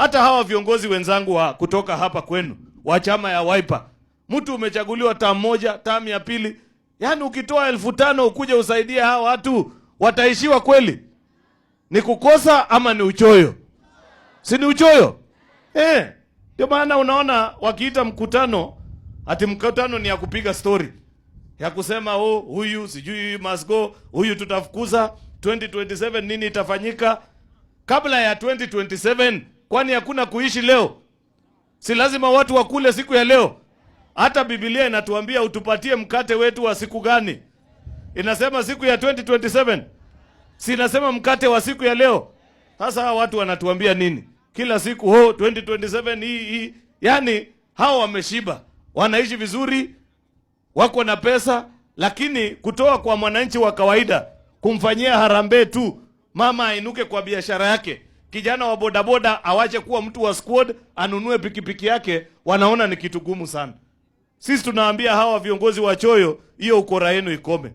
Hata hawa viongozi wenzangu wa kutoka hapa kwenu wa chama ya Wiper, mtu umechaguliwa tam moja, tam ya pili, yaani ukitoa elfu tano ukuje usaidie hawa watu, wataishiwa kweli? Ni kukosa ama ni uchoyo? Si ni uchoyo eh? Ndio maana unaona wakiita mkutano ati mkutano ni ya kupiga story ya kusema oh, huyu sijui must go, huyu tutafukuza 2027 nini itafanyika kabla ya 2027 Kwani hakuna kuishi leo? Si lazima watu wakule siku ya leo? Hata Biblia inatuambia utupatie mkate wetu wa siku gani? Inasema siku ya 2027. Si inasema mkate wa siku ya leo? Sasa hawa watu wanatuambia nini? Kila siku ho 2027 hii hii. Yaani hao wameshiba. Wanaishi vizuri, wako na pesa, lakini kutoa kwa mwananchi wa kawaida kumfanyia harambee tu, mama ainuke kwa biashara yake kijana wa bodaboda awache kuwa mtu wa squad, anunue pikipiki yake, wanaona ni kitu gumu sana. Sisi tunaambia hawa viongozi wa choyo, hiyo ukora yenu ikome.